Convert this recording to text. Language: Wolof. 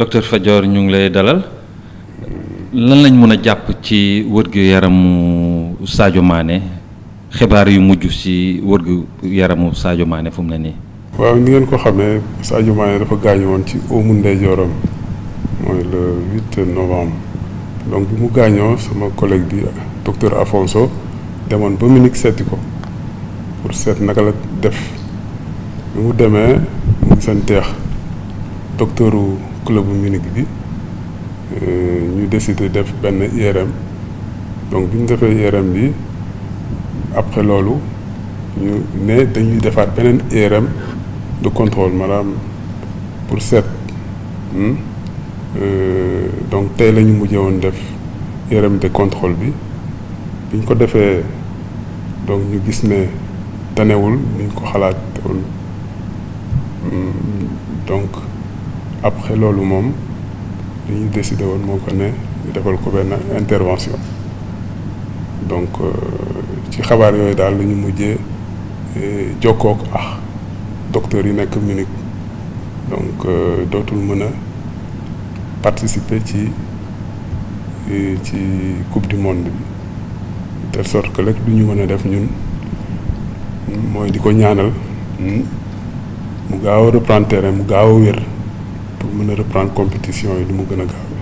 docteur Fadior ñu ngi lay dalal lan lañ mën a jàpp ci wërgu yaramu Sadio Mané xibaar yu mujj si wërgu yaramu Sadio Mané fu mu ne nii. waaw ngeen ko xamee Sadio Mané dafa gaañu woon ci óomu ndeyjooram mooy le huit novembre donc bi mu gaañoo sama collègue bi docteur Afonso demoon ba Munich seeti ko pour seet naka la def bi mu demee mu ngi seen teex docteuru clubu Munich bi euh, ñu décidé def benn IRM donc bi ñu defee IRM bi après loolu ñu ne dañuy defaat beneen IRM de contrôle maanaam pour seet hmm? euh, donc tey la ñu woon def IRM de contrôle bi bi ñu ko defee donc ñu gis ne tanewul ni ko xalaat woon hmm? donc. après loolu moom lu dañu décidé woon moo ko ne defal ko benn intervention donc euh, ci xabaar yooyu daal lu ñu mujjee eh, jokkook ah docteur yi nekk Munich donc euh, dootul mën a participer ci eh, ci coupe du monde bi de telle sorte que ñu mën a def ñun mooy di ko ñaanal hmm, mu gaaw a reprendre mu gaaw a wér pour mën a reprendre compétition yi du mu gën a gaaw